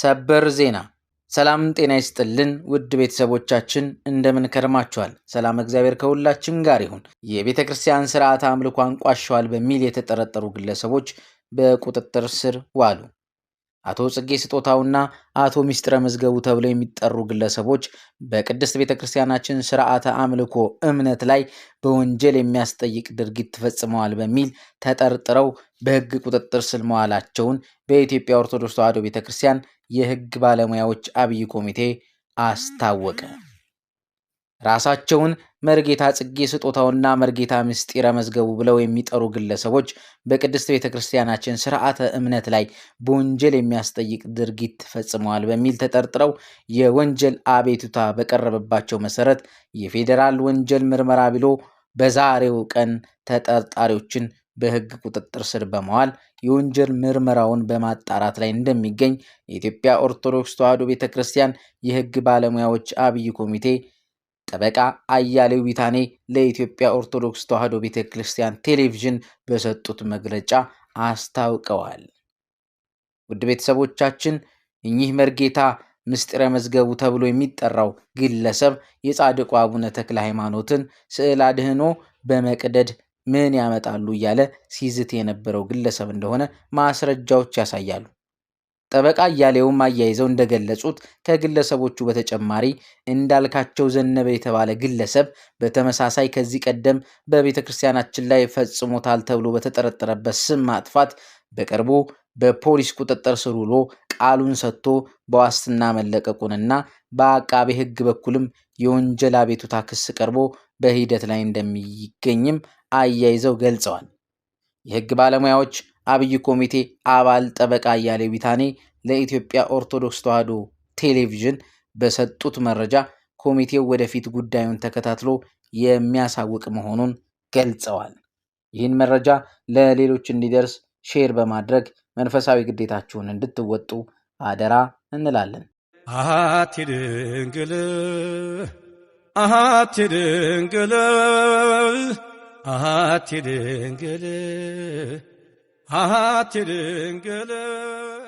ሰበር ዜና። ሰላም ጤና ይስጥልን ውድ ቤተሰቦቻችን እንደምን ከርማችኋል? ሰላም እግዚአብሔር ከሁላችን ጋር ይሁን። የቤተ ክርስቲያን ስርዓት አምልኮ አንቋሸዋል በሚል የተጠረጠሩ ግለሰቦች በቁጥጥር ስር ዋሉ። አቶ ጽጌ ስጦታውና አቶ ሚስጥረ መዝገቡ ተብለው የሚጠሩ ግለሰቦች በቅድስት ቤተ ክርስቲያናችን ስርዓተ አምልኮ እምነት ላይ በወንጀል የሚያስጠይቅ ድርጊት ፈጽመዋል በሚል ተጠርጥረው በሕግ ቁጥጥር ስር መዋላቸውን በኢትዮጵያ ኦርቶዶክስ ተዋሕዶ ቤተ ክርስቲያን የሕግ ባለሙያዎች አብይ ኮሚቴ አስታወቀ። ራሳቸውን መርጌታ ጽጌ ስጦታውና መርጌታ ምስጢረ መዝገቡ ብለው የሚጠሩ ግለሰቦች በቅድስት ቤተ ክርስቲያናችን ስርዓተ እምነት ላይ በወንጀል የሚያስጠይቅ ድርጊት ፈጽመዋል በሚል ተጠርጥረው የወንጀል አቤቱታ በቀረበባቸው መሰረት የፌዴራል ወንጀል ምርመራ ቢሮ በዛሬው ቀን ተጠርጣሪዎችን በሕግ ቁጥጥር ስር በመዋል የወንጀል ምርመራውን በማጣራት ላይ እንደሚገኝ የኢትዮጵያ ኦርቶዶክስ ተዋሕዶ ቤተ ክርስቲያን የሕግ ባለሙያዎች አብይ ኮሚቴ ጠበቃ አያሌው ቢታኔ ለኢትዮጵያ ኦርቶዶክስ ተዋሕዶ ቤተ ክርስቲያን ቴሌቪዥን በሰጡት መግለጫ አስታውቀዋል። ውድ ቤተሰቦቻችን እኚህ መርጌታ ምስጢረ መዝገቡ ተብሎ የሚጠራው ግለሰብ የጻድቁ አቡነ ተክለ ሃይማኖትን ስዕል አድህኖ በመቅደድ ምን ያመጣሉ እያለ ሲዝት የነበረው ግለሰብ እንደሆነ ማስረጃዎች ያሳያሉ። ጠበቃ እያሌውም አያይዘው እንደገለጹት ከግለሰቦቹ በተጨማሪ እንዳልካቸው ዘነበ የተባለ ግለሰብ በተመሳሳይ ከዚህ ቀደም በቤተ ክርስቲያናችን ላይ ፈጽሞታል ተብሎ በተጠረጠረበት ስም ማጥፋት በቅርቡ በፖሊስ ቁጥጥር ስር ውሎ ቃሉን ሰጥቶ በዋስትና መለቀቁንና በአቃቤ ሕግ በኩልም የወንጀል አቤቱታ ክስ ቀርቦ በሂደት ላይ እንደሚገኝም አያይዘው ገልጸዋል። የሕግ ባለሙያዎች አብይ ኮሚቴ አባል ጠበቃ አያሌው ቢታኔ ለኢትዮጵያ ኦርቶዶክስ ተዋሕዶ ቴሌቪዥን በሰጡት መረጃ ኮሚቴው ወደፊት ጉዳዩን ተከታትሎ የሚያሳውቅ መሆኑን ገልጸዋል። ይህን መረጃ ለሌሎች እንዲደርስ ሼር በማድረግ መንፈሳዊ ግዴታችሁን እንድትወጡ አደራ እንላለን። አሃቴ ድንግል አሃቴ ድንግል ድንግል Hatırın gülüm